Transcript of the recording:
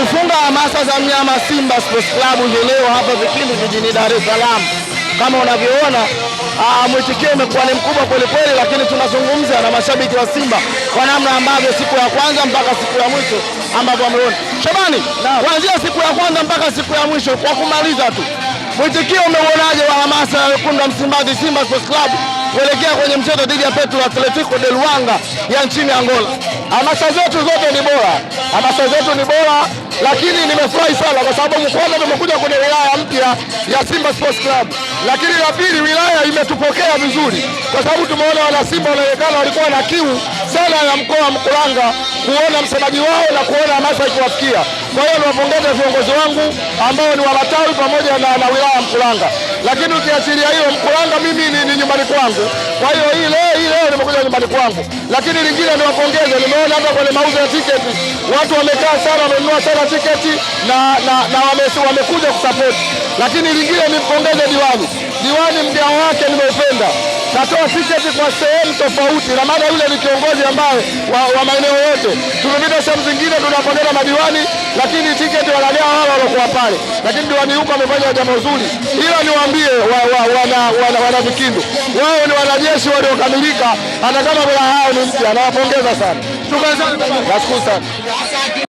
kufunga hamasa za mnyama Simba Sports Club hii leo hapa Vikindu jijini Dar es Salaam. Kama unavyoona ah, mwitikio umekuwa ni mkubwa kwelikweli, lakini tunazungumza na mashabiki wa Simba kwa namna ambavyo siku ya kwanza mpaka siku ya mwisho ambavyo wameona Shabani, kuanzia siku ya kwanza mpaka siku ya mwisho, kwa kumaliza tu Mwitikio umeuonaje wa hamasa ya wekundu wa Msimbazi, Simba Sports Club, kuelekea kwenye mchezo dhidi ya Petro Atletico de Luanga ya nchini Angola? Hamasa zetu zote ni bora, hamasa zetu ni bora, lakini nimefurahi sana kwa sababu kwanza tumekuja kwenye wilaya mpya ya Simba Sports Club, lakini la pili wilaya imetupokea vizuri, kwa sababu tumeona simba wanaonekana walikuwa na kiu sana ya mkoa wa Mkuranga kuona msemaji wao na kuona hamasa ikiwafikia. Kwa hiyo niwapongeze viongozi wangu ambao ni wa matawi pamoja na, na wilaya ya Mkuranga, lakini ukiachilia hiyo Mkuranga mimi ni, ni nyumbani kwangu. Kwa hiyo hii leo hii leo nimekuja nyumbani kwangu, lakini lingine niwapongeze, nimeona hapa kwenye mauzo ya tiketi watu wamekaa sana, wamenunua sana tiketi na, na, na wamekuja kusapoti. Lakini lingine nimpongeze diwani, diwani mgao wake nimeupenda natoa tiketi kwa sehemu tofauti, na maana yule ni kiongozi ambaye wa, wa maeneo yote. Tumepita sehemu zingine tunapongeza madiwani, lakini tiketi wanagawa wale waliokuwa pale, lakini diwani huko amefanya jambo zuri. Ila niwaambie wana Vikindu, wao ni wanajeshi waliokamilika, hata kama bila hao ni mpya. Nawapongeza sana, nashukuru sana.